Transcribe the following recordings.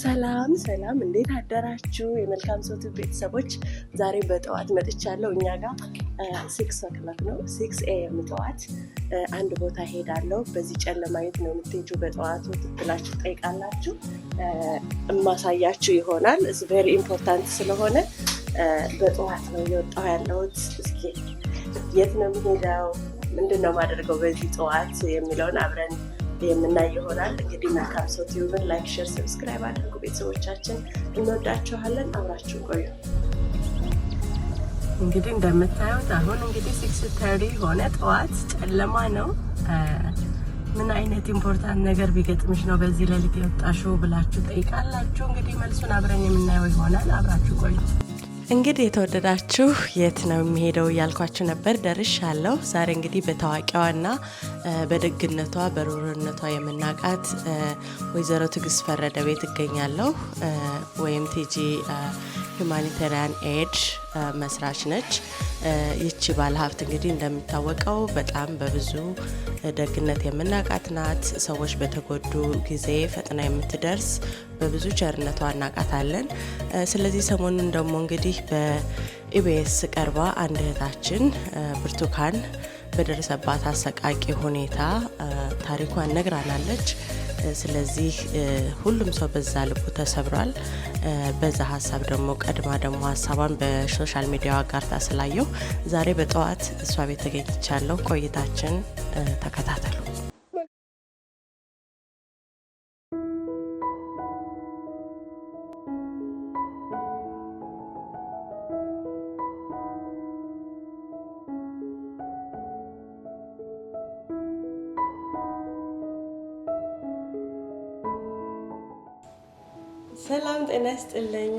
ሰላም ሰላም፣ እንዴት አደራችሁ የመልካም ሰው ቤተሰቦች? ዛሬ በጠዋት መጥቻለሁ። እኛ ጋር ሲክስ ኦክሎክ ነው፣ ሲክስ ኤም ጠዋት አንድ ቦታ ሄዳለሁ። በዚህ ጨለማየት ነው የምትሄጂው በጠዋቱ ትብላችሁ ትጠይቃላችሁ። እማሳያችሁ ይሆናል። ቬሪ ኢምፖርታንት ስለሆነ በጠዋት ነው የወጣሁ ያለሁት። እስኪ የት ነው የሚሄደው ምንድን ነው ማደርገው በዚህ ጠዋት የሚለውን አብረን የምናይ ይሆናል። እንግዲህ መልካም ሰው ቲዩብን ላይክ፣ ሼር፣ ሰብስክራይብ አድርጉ። ቤተሰቦቻችን እንወዳችኋለን። አብራችሁ ቆዩ። እንግዲህ እንደምታዩት አሁን እንግዲህ ሲክስ ተሪ ሆነ፣ ጠዋት ጨለማ ነው። ምን አይነት ኢምፖርታንት ነገር ቢገጥምሽ ነው በዚህ ሌሊት የወጣሽው ብላችሁ ጠይቃላችሁ። እንግዲህ መልሱን አብረን የምናየው ይሆናል። አብራችሁ ቆዩ። እንግዲህ የተወደዳችሁ የት ነው የሚሄደው እያልኳችሁ ነበር፣ ያለው ዛሬ እንግዲህ በታዋቂዋና በደግነቷ በሩርነቷ የምናቃት ወይዘሮ ትግስ ፈረደ ቤት እገኛለሁ ወይም ቲጂ ሁማኒታሪያን ኤድ መስራች ነች። ይቺ ባለሀብት እንግዲህ እንደሚታወቀው በጣም በብዙ ደግነት የምናውቃት ናት። ሰዎች በተጎዱ ጊዜ ፈጥና የምትደርስ በብዙ ቸርነቷ እናውቃታለን። ስለዚህ ሰሞኑን ደግሞ እንግዲህ በኢቢኤስ ቀርባ አንድ እህታችን ብርቱካን በደረሰባት አሰቃቂ ሁኔታ ታሪኳን ነግራናለች። ስለዚህ ሁሉም ሰው በዛ ልቡ ተሰብሯል። በዛ ሀሳብ ደግሞ ቀድማ ደግሞ ሀሳቧን በሶሻል ሚዲያዋ አጋርታ ስላየው ዛሬ በጠዋት እሷ ቤት ተገኝቻለሁ። ቆይታችን ተከታተሉ። ጤና ይስጥልኝ።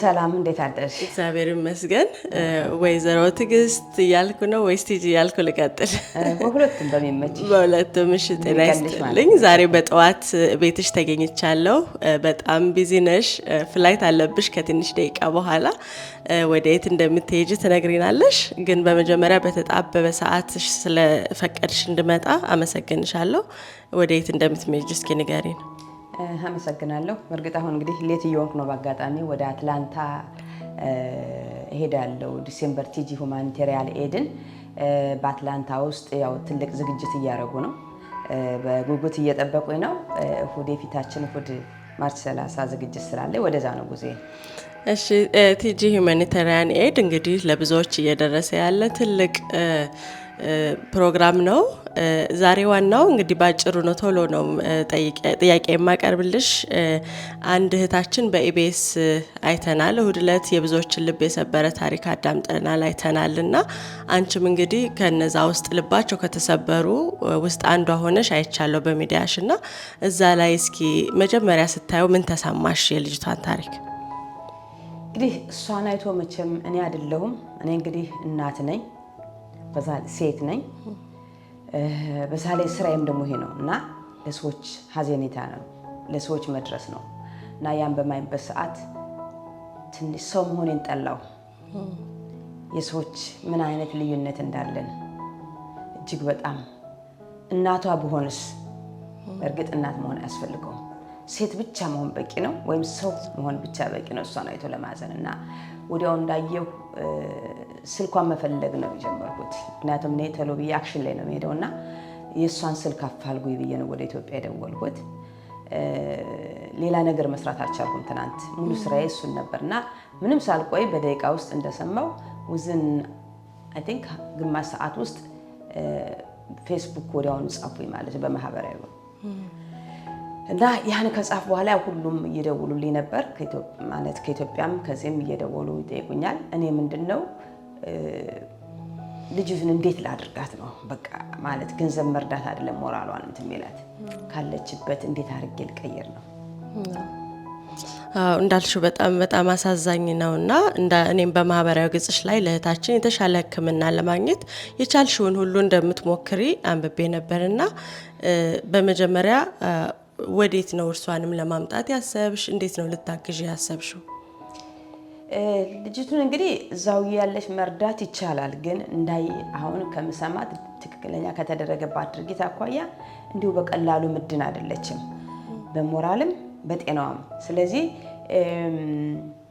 ሰላም እንዴት አደርሽ? እግዚአብሔር ይመስገን። ወይዘሮ ትዕግስት እያልኩ ነው ወይስ ቲጂ እያልኩ ልቀጥል? በሁለቱም በሚመች በሁለቱም። እሺ ጤና ይስጥልኝ። ዛሬ በጠዋት ቤትሽ ተገኝቻለሁ። በጣም ቢዚ ነሽ፣ ፍላይት አለብሽ ከትንሽ ደቂቃ በኋላ። ወደ የት እንደምትሄጅ ትነግሪናለሽ። ግን በመጀመሪያ በተጣበበ ሰዓት ስለፈቀድሽ እንድመጣ አመሰግንሻለሁ። ወደ የት እንደምትመጅ እስኪ ንገሪን። አመሰግናለሁ። እርግጥ አሁን እንግዲህ ሌት እየወንክ ነው። በአጋጣሚ ወደ አትላንታ እሄዳለሁ ዲሴምበር ቲጂ ሁማኒቴሪያል ኤድን በአትላንታ ውስጥ ያው ትልቅ ዝግጅት እያደረጉ ነው። በጉጉት እየጠበቁኝ ነው። እሁድ የፊታችን እሁድ ማርች 30 ዝግጅት ስላለ ወደዛ ነው ጉዜ። እሺ ቲጂ ሁማኒቴሪያን ኤድ እንግዲህ ለብዙዎች እየደረሰ ያለ ትልቅ ፕሮግራም ነው። ዛሬ ዋናው እንግዲህ በአጭሩ ነው፣ ቶሎ ነው ጥያቄ የማቀርብልሽ። አንድ እህታችን በኢቢኤስ አይተናል፣ እሁድ ዕለት የብዙዎችን ልብ የሰበረ ታሪክ አዳምጠናል አይተናል እና አንቺም እንግዲህ ከነዛ ውስጥ ልባቸው ከተሰበሩ ውስጥ አንዷ ሆነሽ አይቻለሁ በሚዲያሽ እና እዛ ላይ እስኪ መጀመሪያ ስታየው ምን ተሰማሽ? የልጅቷን ታሪክ እንግዲህ እሷን አይቶ መቼም እኔ አይደለሁም እኔ እንግዲህ እናት ነኝ፣ በዛ ሴት ነኝ በሳሌ ላይ ስራዬም ደግሞ ይሄ ነው እና ለሰዎች ሀዘኔታ ነው፣ ለሰዎች መድረስ ነው እና ያን በማይበት ሰዓት ትንሽ ሰው መሆኔን ጠላው። የሰዎች ምን አይነት ልዩነት እንዳለን እጅግ በጣም እናቷ ብሆንስ። እርግጥ እናት መሆን አያስፈልገውም። ሴት ብቻ መሆን በቂ ነው፣ ወይም ሰው መሆን ብቻ በቂ ነው። እሷን አይቶ ለማዘን እና ወዲያው እንዳየሁ ስልኳን መፈለግ ነው የጀመርኩት። ምክንያቱም እኔ ተሎ ብዬ አክሽን ላይ ነው የምሄደው እና የእሷን ስልክ አፋልጉኝ ብዬ ነው ወደ ኢትዮጵያ የደወልኩት። ሌላ ነገር መስራት አልቻልኩም። ትናንት ሙሉ ስራዬ እሱን ነበር እና ምንም ሳልቆይ በደቂቃ ውስጥ እንደሰማው ውዝን አይ ቲንክ ግማሽ ሰዓት ውስጥ ፌስቡክ ወዲያውኑ ጻፉኝ ማለት ነው በማህበራዊ እና ያን ከጻፍ በኋላ ሁሉም እየደውሉልኝ ነበር ማለት ከኢትዮጵያም ከዚህም እየደወሉ ይጠይቁኛል። እኔ ምንድን ነው ልጅን እንዴት ላድርጋት ነው በቃ ማለት ገንዘብ መርዳት አይደለም ሞራሏን እንትን የሚላት ካለችበት እንዴት አድርጌ ልቀይር ነው እንዳልሽው በጣም በጣም አሳዛኝ ነው እና እኔም በማህበራዊ ገጽሽ ላይ ለእህታችን የተሻለ ህክምና ለማግኘት የቻልሽውን ሁሉ እንደምትሞክሪ አንብቤ ነበርና በመጀመሪያ ወዴት ነው እርሷንም ለማምጣት ያሰብሽ? እንዴት ነው ልታግዥ ያሰብሽው? ልጅቱን እንግዲህ እዛው ያለች መርዳት ይቻላል። ግን እንዳይ አሁን ከምሰማት ትክክለኛ ከተደረገባት ድርጊት አኳያ እንዲሁ በቀላሉ ምድን አይደለችም፣ በሞራልም በጤናዋም። ስለዚህ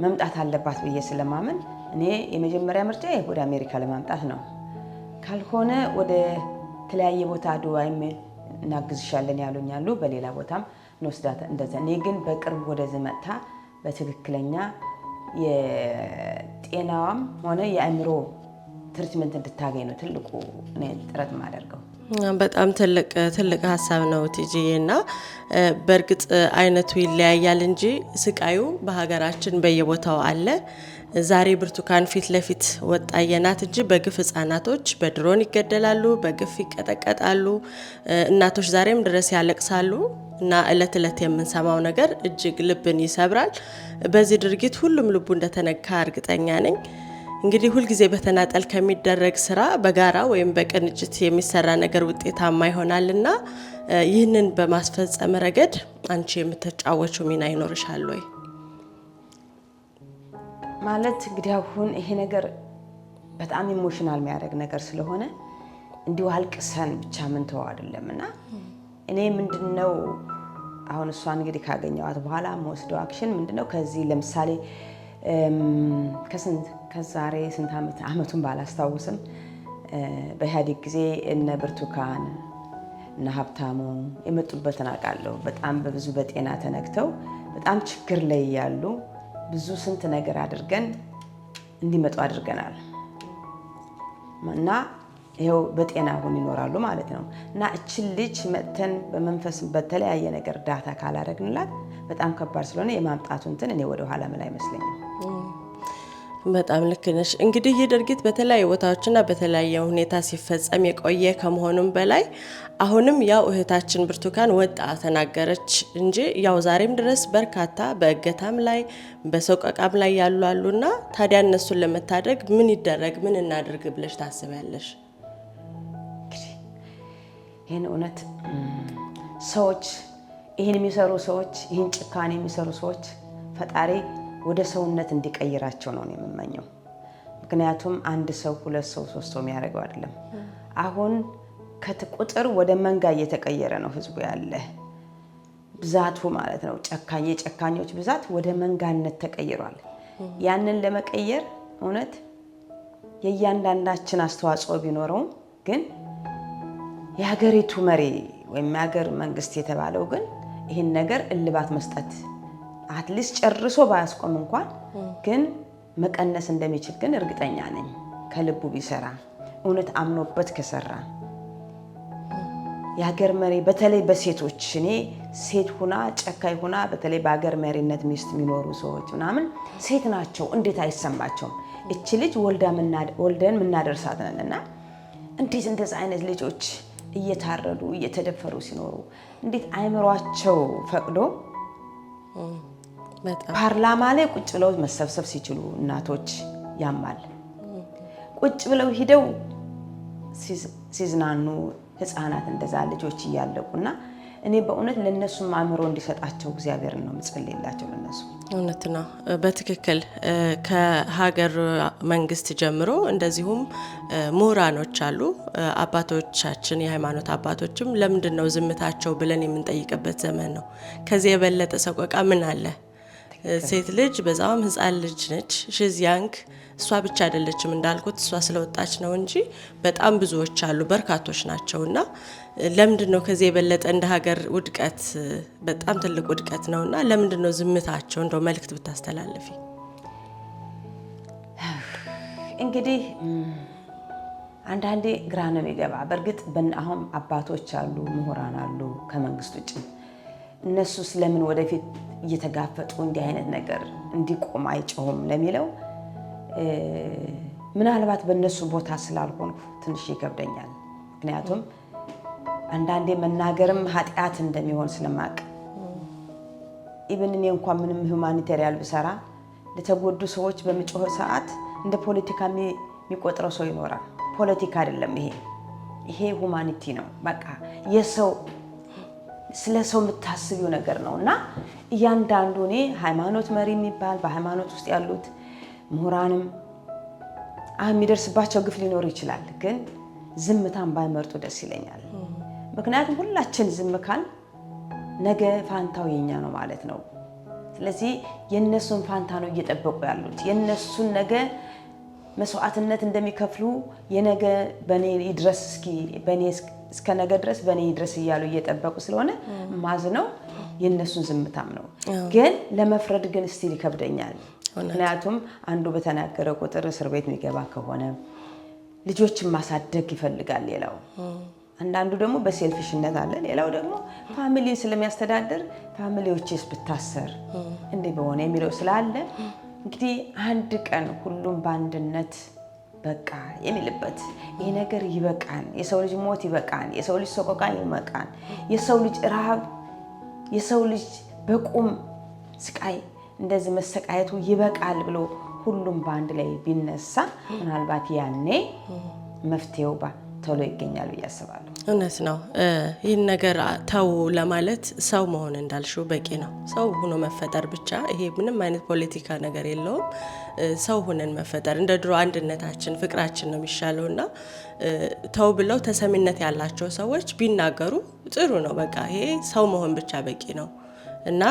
መምጣት አለባት ብዬ ስለማመን እኔ የመጀመሪያ ምርጫ ወደ አሜሪካ ለማምጣት ነው። ካልሆነ ወደ ተለያየ ቦታ ዱባይም እናግዝሻለን ያሉኝ በሌላ ቦታም እንወስዳት እንደዛ። እኔ ግን በቅርብ ወደዚህ መጥታ በትክክለኛ የጤናዋም ሆነ የአእምሮ ትሪትመንት እንድታገኝ ነው ትልቁ ጥረት ማደርገው። በጣም ትልቅ ትልቅ ሀሳብ ነው ቲጂዬ። እና በእርግጥ አይነቱ ይለያያል እንጂ ስቃዩ በሀገራችን በየቦታው አለ። ዛሬ ብርቱካን ፊት ለፊት ወጣ የናት እንጂ በግፍ ህጻናቶች በድሮን ይገደላሉ፣ በግፍ ይቀጠቀጣሉ፣ እናቶች ዛሬም ድረስ ያለቅሳሉ እና እለት እለት የምንሰማው ነገር እጅግ ልብን ይሰብራል። በዚህ ድርጊት ሁሉም ልቡ እንደተነካ እርግጠኛ ነኝ። እንግዲህ ሁልጊዜ በተናጠል ከሚደረግ ስራ በጋራ ወይም በቅንጅት የሚሰራ ነገር ውጤታማ ይሆናልና ይህንን በማስፈጸም ረገድ አንቺ የምትጫወቹ ሚና ይኖርሻል ወይ? ማለት እንግዲህ አሁን ይሄ ነገር በጣም ኢሞሽናል የሚያደርግ ነገር ስለሆነ እንዲሁ አልቅሰን ብቻ ምንተወው አይደለም እና እኔ ምንድነው አሁን እሷን እንግዲህ ካገኘዋት በኋላ መወስደው አክሽን ምንድነው ከዚህ ለምሳሌ ከስንት ከዛሬ ስንት ዓመት ዓመቱን ባላስታውስም በኢህአዴግ ጊዜ እነ ብርቱካን እነ ሀብታሙ የመጡበትን አውቃለሁ። በጣም በብዙ በጤና ተነግተው በጣም ችግር ላይ ያሉ ብዙ ስንት ነገር አድርገን እንዲመጡ አድርገናል እና ይኸው በጤና ሁን ይኖራሉ ማለት ነው እና እችን ልጅ መጥተን በመንፈስ በተለያየ ነገር እርዳታ ካላደረግንላት በጣም ከባድ ስለሆነ የማምጣቱ እንትን እኔ ወደኋላ ምላ አይመስለኝም። በጣም ልክ ነሽ። እንግዲህ ይህ ድርጊት በተለያዩ ቦታዎችና በተለያየ ሁኔታ ሲፈጸም የቆየ ከመሆኑም በላይ አሁንም ያው እህታችን ብርቱካን ወጣ ተናገረች እንጂ ያው ዛሬም ድረስ በርካታ በእገታም ላይ በሰው ቀቃም ላይ ያሉ አሉና ታዲያ እነሱን ለመታደግ ምን ይደረግ ምን እናድርግ ብለሽ ታስቢያለሽ? ይህን እውነት ሰዎች ይህን የሚሰሩ ሰዎች ይህን ጭካኔ የሚሰሩ ሰዎች ፈጣሪ ወደ ሰውነት እንዲቀይራቸው ነው የምመኘው። ምክንያቱም አንድ ሰው ሁለት ሰው ሶስት ሰው የሚያደርገው አይደለም። አሁን ከቁጥር ወደ መንጋ እየተቀየረ ነው ህዝቡ ያለ ብዛቱ ማለት ነው። ጨካኝ የጨካኞች ብዛት ወደ መንጋነት ተቀይሯል። ያንን ለመቀየር እውነት የእያንዳንዳችን አስተዋጽኦ ቢኖረውም ግን የሀገሪቱ መሪ ወይም የሀገር መንግስት የተባለው ግን ይህን ነገር እልባት መስጠት አትሊስት ጨርሶ ባያስቆም እንኳን ግን መቀነስ እንደሚችል ግን እርግጠኛ ነኝ። ከልቡ ቢሰራ እውነት አምኖበት ከሰራ የሀገር መሪ በተለይ በሴቶች እኔ ሴት ሁና ጨካኝ ሁና በተለይ በሀገር መሪነት ሚስት የሚኖሩ ሰዎች ምናምን ሴት ናቸው፣ እንዴት አይሰማቸውም? እች ልጅ ወልደን ምናደርሳት ነን እና እንዴት እንደዚ አይነት ልጆች እየታረዱ እየተደፈሩ ሲኖሩ እንዴት አይምሯቸው ፈቅዶ ፓርላማ ላይ ቁጭ ብለው መሰብሰብ ሲችሉ እናቶች ያማል። ቁጭ ብለው ሂደው ሲዝናኑ ህፃናት እንደዛ ልጆች እያለቁ እና እኔ በእውነት ለእነሱም አእምሮ እንዲሰጣቸው እግዚአብሔር ነው ምጸልላቸው። ለነሱ እውነት ነው በትክክል ከሀገር መንግስት ጀምሮ እንደዚሁም ምሁራኖች አሉ። አባቶቻችን፣ የሃይማኖት አባቶችም ለምንድን ነው ዝምታቸው ብለን የምንጠይቅበት ዘመን ነው። ከዚህ የበለጠ ሰቆቃ ምን አለ? ሴት ልጅ በዛውም ህፃን ልጅ ነች። ሽዝ ያንግ እሷ ብቻ አይደለችም እንዳልኩት እሷ ስለወጣች ነው እንጂ በጣም ብዙዎች አሉ፣ በርካቶች ናቸው። እና ለምንድን ነው ከዚህ የበለጠ እንደ ሀገር ውድቀት በጣም ትልቅ ውድቀት ነው። እና ለምንድን ነው ዝምታቸው? እንደው መልእክት ብታስተላልፊ። እንግዲህ አንዳንዴ ግራ ነው የሚገባ። በእርግጥ አሁን አባቶች አሉ፣ ምሁራን አሉ ከመንግስት ውጭ እነሱ ስለምን ወደፊት እየተጋፈጡ እንዲህ አይነት ነገር እንዲቆም አይጮሁም ለሚለው ምናልባት በእነሱ ቦታ ስላልሆንኩ ትንሽ ይከብደኛል። ምክንያቱም አንዳንዴ መናገርም ኃጢአት እንደሚሆን ስለማቅ ኢብን እኔ እንኳ ምንም ሁማኒቴሪያል ብሰራ ለተጎዱ ሰዎች በምጮህ ሰዓት እንደ ፖለቲካ የሚቆጥረው ሰው ይኖራል። ፖለቲካ አይደለም ይሄ፣ ይሄ ሁማኒቲ ነው። በቃ የሰው ስለ ሰው የምታስቢው ነገር ነው እና እያንዳንዱ እኔ ሃይማኖት መሪ የሚባል በሃይማኖት ውስጥ ያሉት ምሁራንም የሚደርስባቸው ግፍ ሊኖር ይችላል። ግን ዝምታን ባይመርጡ ደስ ይለኛል። ምክንያቱም ሁላችን ዝም ካል ነገ ፋንታው የኛ ነው ማለት ነው። ስለዚህ የእነሱን ፋንታ ነው እየጠበቁ ያሉት። የእነሱን ነገ መስዋዕትነት እንደሚከፍሉ የነገ በእኔ ይድረስ እስኪ በእኔ እስከ ነገ ድረስ በእኔ ድረስ እያሉ እየጠበቁ ስለሆነ ማዝ ነው የእነሱን ዝምታም ነው። ግን ለመፍረድ ግን ስቲል ይከብደኛል። ምክንያቱም አንዱ በተናገረ ቁጥር እስር ቤት የሚገባ ከሆነ ልጆችን ማሳደግ ይፈልጋል። ሌላው አንዳንዱ ደግሞ በሴልፊሽነት አለ። ሌላው ደግሞ ፋሚሊን ስለሚያስተዳድር ፋሚሊዎችስ ብታሰር እንዲህ በሆነ የሚለው ስላለ እንግዲህ አንድ ቀን ሁሉም በአንድነት በቃ የሚልበት ይሄ ነገር ይበቃን። የሰው ልጅ ሞት ይበቃን። የሰው ልጅ ሰቆቃ ይበቃን። የሰው ልጅ ረሃብ፣ የሰው ልጅ በቁም ስቃይ እንደዚህ መሰቃየቱ ይበቃል ብሎ ሁሉም በአንድ ላይ ቢነሳ ምናልባት ያኔ መፍትሄው ቶሎ ይገኛል ብዬ አስባለሁ። እውነት ነው። ይህን ነገር ተው ለማለት ሰው መሆን እንዳልሽው በቂ ነው። ሰው ሆኖ መፈጠር ብቻ ይሄ ምንም አይነት ፖለቲካ ነገር የለውም። ሰው ሆነን መፈጠር እንደ ድሮ አንድነታችን፣ ፍቅራችን ነው የሚሻለው እና ተው ብለው ተሰሚነት ያላቸው ሰዎች ቢናገሩ ጥሩ ነው። በቃ ይሄ ሰው መሆን ብቻ በቂ ነው። እና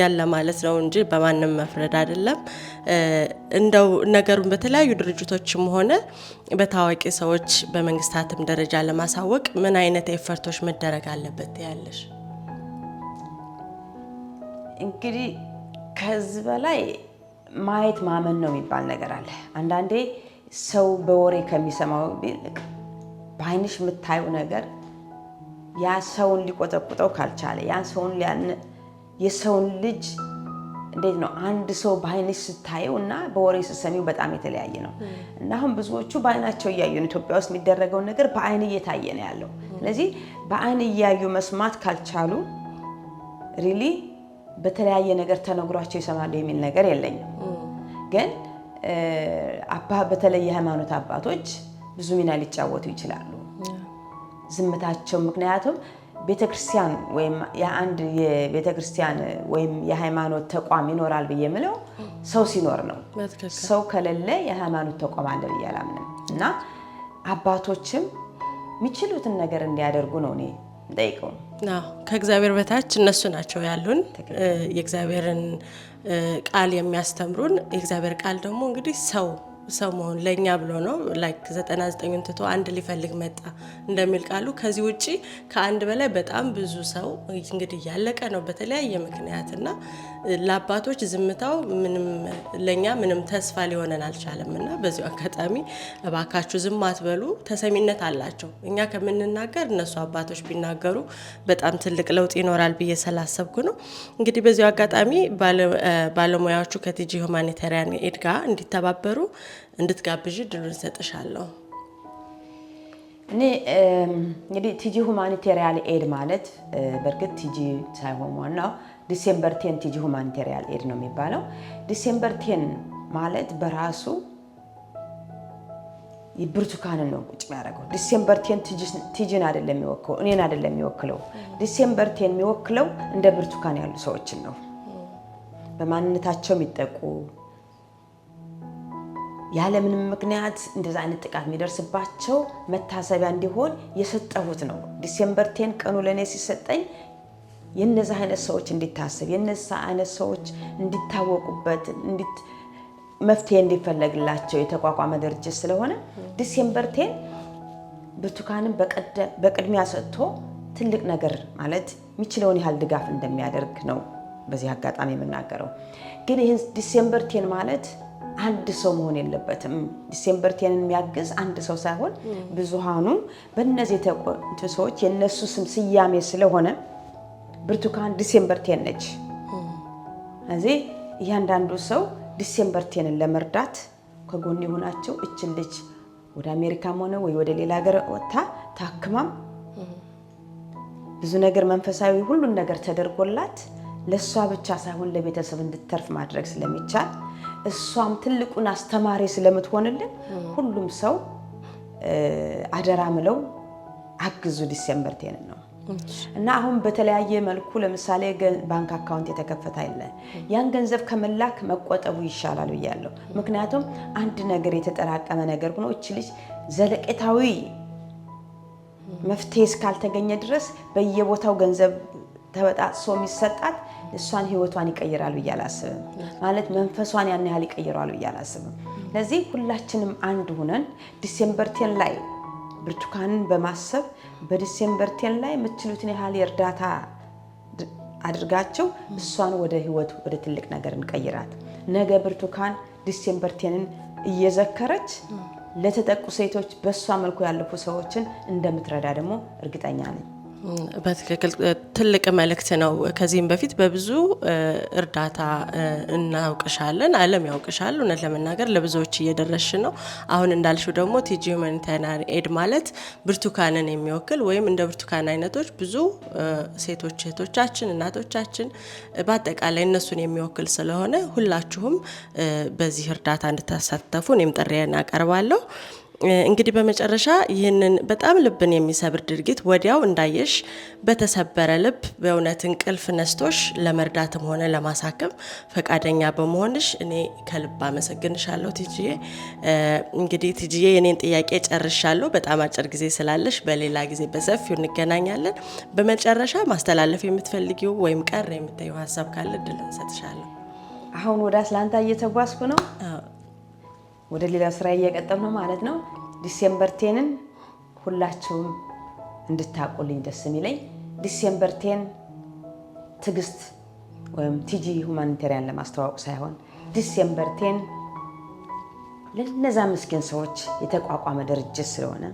ያለ ማለት ነው እንጂ በማንም መፍረድ አይደለም። እንደው ነገሩን በተለያዩ ድርጅቶችም ሆነ በታዋቂ ሰዎች በመንግስታትም ደረጃ ለማሳወቅ ምን አይነት ኤፈርቶች መደረግ አለበት ያለሽ? እንግዲህ ከዚህ በላይ ማየት ማመን ነው የሚባል ነገር አለ። አንዳንዴ ሰው በወሬ ከሚሰማው ይልቅ በአይንሽ የምታየው ነገር ያ ሰውን ሊቆጠቁጠው ካልቻለ ያን ሰውን የሰውን ልጅ እንዴት ነው አንድ ሰው በአይንሽ ስታየው እና በወሬ ስትሰሚው በጣም የተለያየ ነው እና አሁን ብዙዎቹ በአይናቸው እያዩ ነው። ኢትዮጵያ ውስጥ የሚደረገውን ነገር በአይን እየታየ ነው ያለው። ስለዚህ በአይን እያዩ መስማት ካልቻሉ ሪሊ በተለያየ ነገር ተነግሯቸው ይሰማሉ የሚል ነገር የለኝም። ግን አባ በተለይ የሃይማኖት አባቶች ብዙ ሚና ሊጫወቱ ይችላሉ ዝምታቸው ምክንያቱም ቤተክርስቲያን ወይም የአንድ የቤተክርስቲያን ወይም የሃይማኖት ተቋም ይኖራል ብዬ የምለው ሰው ሲኖር ነው። ሰው ከሌለ የሃይማኖት ተቋም አለ ብዬ አላምንም እና አባቶችም የሚችሉትን ነገር እንዲያደርጉ ነው እኔ ጠይቀው ከእግዚአብሔር በታች እነሱ ናቸው ያሉን የእግዚአብሔርን ቃል የሚያስተምሩን። የእግዚአብሔር ቃል ደግሞ እንግዲህ ሰው ሰው መሆን ለእኛ ብሎ ነው ላይክ 99ን ትቶ አንድ ሊፈልግ መጣ እንደሚል ቃሉ። ከዚህ ውጭ ከአንድ በላይ በጣም ብዙ ሰው እንግዲህ እያለቀ ነው በተለያየ ምክንያት እና ለአባቶች ዝምታው ምንም ለእኛ ምንም ተስፋ ሊሆነን አልቻለም እና በዚሁ አጋጣሚ እባካችሁ ዝም አትበሉ፣ ተሰሚነት አላቸው። እኛ ከምንናገር እነሱ አባቶች ቢናገሩ በጣም ትልቅ ለውጥ ይኖራል ብዬ ስላሰብኩ ነው። እንግዲህ በዚሁ አጋጣሚ ባለሙያዎቹ ከቲጂ ሁማኒታሪያን ኤድ ጋር እንዲተባበሩ እንድትጋብዥ ድሉን ሰጥሻለሁ። እኔ እንግዲህ ቲጂ ሁማኒቴሪያን ኤድ ማለት በእርግጥ ቲጂ ሳይሆን ዋናው ዲሴምበር ቴን ቲጂ ሁማኒቴሪያል ኤድ ነው የሚባለው። ዲሴምበር ቴን ማለት በራሱ ብርቱካንን ነው ቁጭ የሚያደርገው። ዲሴምበር ቴን ቲጂን አይደለም የሚወክለው፣ እኔን አይደለም የሚወክለው። ዲሴምበር ቴን የሚወክለው እንደ ብርቱካን ያሉ ሰዎችን ነው በማንነታቸው የሚጠቁ ያለምንም ምክንያት እንደዛ አይነት ጥቃት የሚደርስባቸው መታሰቢያ እንዲሆን የሰጠሁት ነው። ዲሴምበር ቴን ቀኑ ለእኔ ሲሰጠኝ የነዚህ አይነት ሰዎች እንዲታሰብ የነዚህ አይነት ሰዎች እንዲታወቁበት መፍትሄ እንዲፈለግላቸው የተቋቋመ ድርጅት ስለሆነ ዲሴምበር ቴን ብርቱካንን በቅድሚያ ሰጥቶ ትልቅ ነገር ማለት የሚችለውን ያህል ድጋፍ እንደሚያደርግ ነው በዚህ አጋጣሚ የምናገረው። ግን ይህን ዲሴምበር ቴን ማለት አንድ ሰው መሆን የለበትም። ዲሴምበር ቴንን የሚያግዝ አንድ ሰው ሳይሆን ብዙሃኑ በእነዚህ የተቆጡ ሰዎች የእነሱ ስም ስያሜ ስለሆነ ብርቱካን ዲሴምበር ቴን ነች። እዚህ እያንዳንዱ ሰው ዲሴምበር ቴንን ለመርዳት ከጎን የሆናቸው እችን ልጅ ወደ አሜሪካም ሆነ ወይ ወደ ሌላ ሀገር ወጥታ ታክማም ብዙ ነገር መንፈሳዊ ሁሉን ነገር ተደርጎላት ለእሷ ብቻ ሳይሆን ለቤተሰብ እንድተርፍ ማድረግ ስለሚቻል እሷም ትልቁን አስተማሪ ስለምትሆንልን ሁሉም ሰው አደራ ምለው አግዙ። ዲሴምበር ቴን ነው እና አሁን በተለያየ መልኩ ለምሳሌ ባንክ አካውንት የተከፈተ አለ። ያን ገንዘብ ከመላክ መቆጠቡ ይሻላል ብያለሁ። ምክንያቱም አንድ ነገር የተጠራቀመ ነገር ሆኖ እች ልጅ ዘለቄታዊ መፍትሄ እስካልተገኘ ድረስ በየቦታው ገንዘብ ተበጣጥሶ የሚሰጣት እሷን ህይወቷን ይቀይራል ብዬ አላስብም። ማለት መንፈሷን ያን ያህል ይቀይራሉ ብዬ አላስብም። ለዚህ ሁላችንም አንድ ሁነን ዲሴምበር ቴን ላይ ብርቱካንን በማሰብ በዲሴምበር ቴን ላይ የምትችሉትን ያህል የእርዳታ አድርጋቸው እሷን ወደ ህይወት ወደ ትልቅ ነገር እንቀይራት። ነገ ብርቱካን ዲሴምበር ቴንን እየዘከረች ለተጠቁ ሴቶች በእሷ መልኩ ያለፉ ሰዎችን እንደምትረዳ ደግሞ እርግጠኛ ነኝ። በትክክል ትልቅ መልእክት ነው። ከዚህም በፊት በብዙ እርዳታ እናውቅሻለን፣ ዓለም ያውቅሻል። እውነት ለመናገር ለብዙዎች እየደረሽ ነው። አሁን እንዳልሽው ደግሞ ቲጂ ሁማኒታሪያን ኤድ ማለት ብርቱካንን የሚወክል ወይም እንደ ብርቱካን አይነቶች ብዙ ሴቶች እህቶቻችን፣ እናቶቻችን በአጠቃላይ እነሱን የሚወክል ስለሆነ ሁላችሁም በዚህ እርዳታ እንድታሳተፉ እኔም ጥሪዬን አቀርባለሁ። እንግዲህ በመጨረሻ ይህንን በጣም ልብን የሚሰብር ድርጊት ወዲያው እንዳየሽ በተሰበረ ልብ በእውነት እንቅልፍ ነስቶሽ ለመርዳትም ሆነ ለማሳከም ፈቃደኛ በመሆንሽ እኔ ከልብ አመሰግንሻለሁ ቲጂዬ። እንግዲህ ቲጂዬ የኔን ጥያቄ ጨርሻለሁ። በጣም አጭር ጊዜ ስላለሽ በሌላ ጊዜ በሰፊው እንገናኛለን። በመጨረሻ ማስተላለፍ የምትፈልጊው ወይም ቀር የምታየው ሀሳብ ካለ እድል እንሰጥሻለሁ። አሁን ወደ አትላንታ እየተጓዝኩ ነው ወደ ሌላ ስራ እየቀጠል ነው ማለት ነው። ዲሴምበር ቴንን ሁላችሁም እንድታቁልኝ ደስ የሚለኝ ዲሴምበር ቴን ትዕግስት ወይም ቲጂ ሁማኒቴሪያን ለማስተዋወቅ ሳይሆን ዲሴምበር ቴን ለነዛ ምስኪን ሰዎች የተቋቋመ ድርጅት ስለሆነ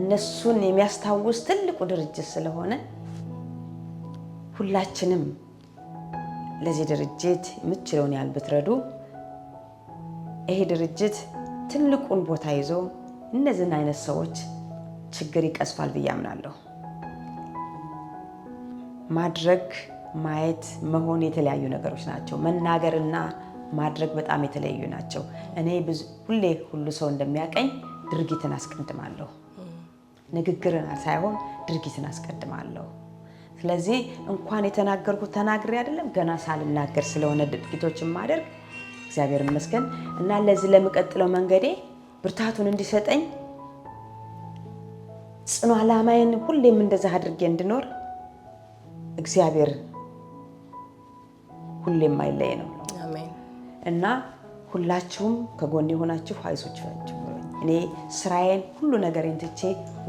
እነሱን የሚያስታውስ ትልቁ ድርጅት ስለሆነ ሁላችንም ለዚህ ድርጅት የምትችለውን ያህል ብትረዱ ይሄ ድርጅት ትልቁን ቦታ ይዞ እነዚህን አይነት ሰዎች ችግር ይቀስፋል ብዬ አምናለሁ። ማድረግ፣ ማየት፣ መሆን የተለያዩ ነገሮች ናቸው። መናገርና ማድረግ በጣም የተለያዩ ናቸው። እኔ ሁሌ ሁሉ ሰው እንደሚያቀኝ ድርጊትን አስቀድማለሁ፣ ንግግርን ሳይሆን ድርጊትን አስቀድማለሁ። ስለዚህ እንኳን የተናገርኩት ተናግሬ አይደለም ገና ሳልናገር ስለሆነ ድርጊቶችን ማደርግ እግዚአብሔር ይመስገን እና ለዚህ ለምቀጥለው መንገዴ ብርታቱን እንዲሰጠኝ ጽኑ ዓላማዬን ሁሌም እንደዛ አድርጌ እንድኖር እግዚአብሔር ሁሌም አይለይ ነው እና ሁላችሁም ከጎን የሆናችሁ አይዞች ናቸው። እኔ ስራዬን ሁሉ ነገሬን ትቼ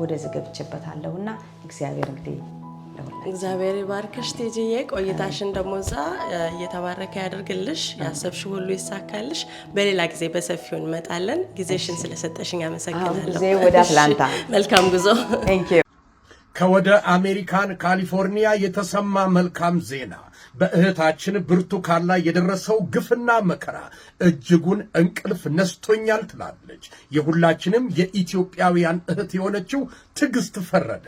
ወደዚህ ገብቼበታለሁና እግዚአብሔር እንግዲህ እግዚአብሔር ባርክሽ ቲጂዬ፣ ቆይታሽን ደግሞ እዛ እየተባረከ ያደርግልሽ፣ ያሰብሽው ሁሉ ይሳካልሽ። በሌላ ጊዜ በሰፊው እንመጣለን። ጊዜሽን ስለሰጠሽኝ አመሰግናለሁ። መልካም ጉዞ። ከወደ አሜሪካን ካሊፎርኒያ የተሰማ መልካም ዜና በእህታችን ብርቱካን ላይ የደረሰው ግፍና መከራ እጅጉን እንቅልፍ ነስቶኛል ትላለች የሁላችንም የኢትዮጵያውያን እህት የሆነችው ትዕግስት ፈረደ።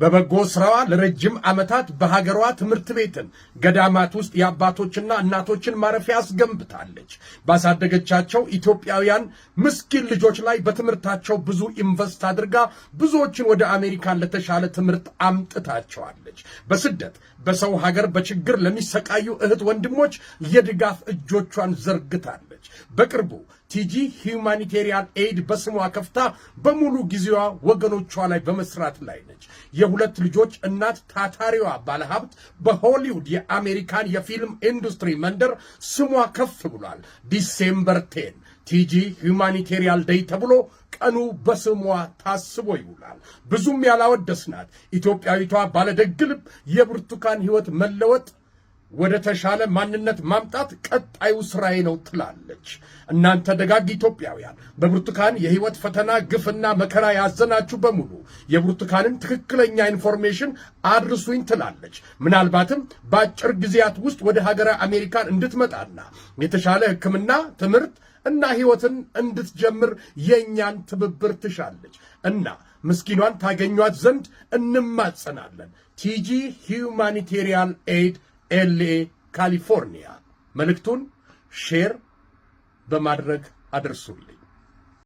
በበጎ ስራዋ ለረጅም ዓመታት በሀገሯ ትምህርት ቤትን፣ ገዳማት ውስጥ የአባቶችና እናቶችን ማረፊያ አስገንብታለች። ባሳደገቻቸው ኢትዮጵያውያን ምስኪን ልጆች ላይ በትምህርታቸው ብዙ ኢንቨስት አድርጋ ብዙዎችን ወደ አሜሪካን ለተሻለ ትምህርት አምጥታቸዋለች። በስደት በሰው ሀገር በችግር ለሚሰቃዩ እህት ወንድሞች የድጋፍ እጆቿን ዘርግታለች። አስታውቃለች። በቅርቡ ቲጂ ሂውማኒቴሪያን ኤድ በስሟ ከፍታ በሙሉ ጊዜዋ ወገኖቿ ላይ በመስራት ላይ ነች። የሁለት ልጆች እናት ታታሪዋ ባለሀብት በሆሊውድ የአሜሪካን የፊልም ኢንዱስትሪ መንደር ስሟ ከፍ ብሏል። ዲሴምበር ቴን ቲጂ ሂውማኒቴሪያን ደይ ተብሎ ቀኑ በስሟ ታስቦ ይውላል። ብዙም ያላወደስናት ኢትዮጵያዊቷ ባለደግ ልብ የብርቱካን ሕይወት መለወጥ ወደ ተሻለ ማንነት ማምጣት ቀጣዩ ስራዬ ነው ትላለች። እናንተ ደጋግ ኢትዮጵያውያን በብርቱካን የህይወት ፈተና ግፍና መከራ ያዘናችሁ በሙሉ የብርቱካንን ትክክለኛ ኢንፎርሜሽን አድርሱኝ ትላለች። ምናልባትም በአጭር ጊዜያት ውስጥ ወደ ሀገረ አሜሪካን እንድትመጣና የተሻለ ሕክምና፣ ትምህርት እና ህይወትን እንድትጀምር የእኛን ትብብር ትሻለች እና ምስኪኗን ታገኟት ዘንድ እንማጸናለን። ቲጂ ሂውማኒቴሪያን ኤድ ኤልኤ ካሊፎርኒያ። መልእክቱን ሼር በማድረግ አድርሱልኝ።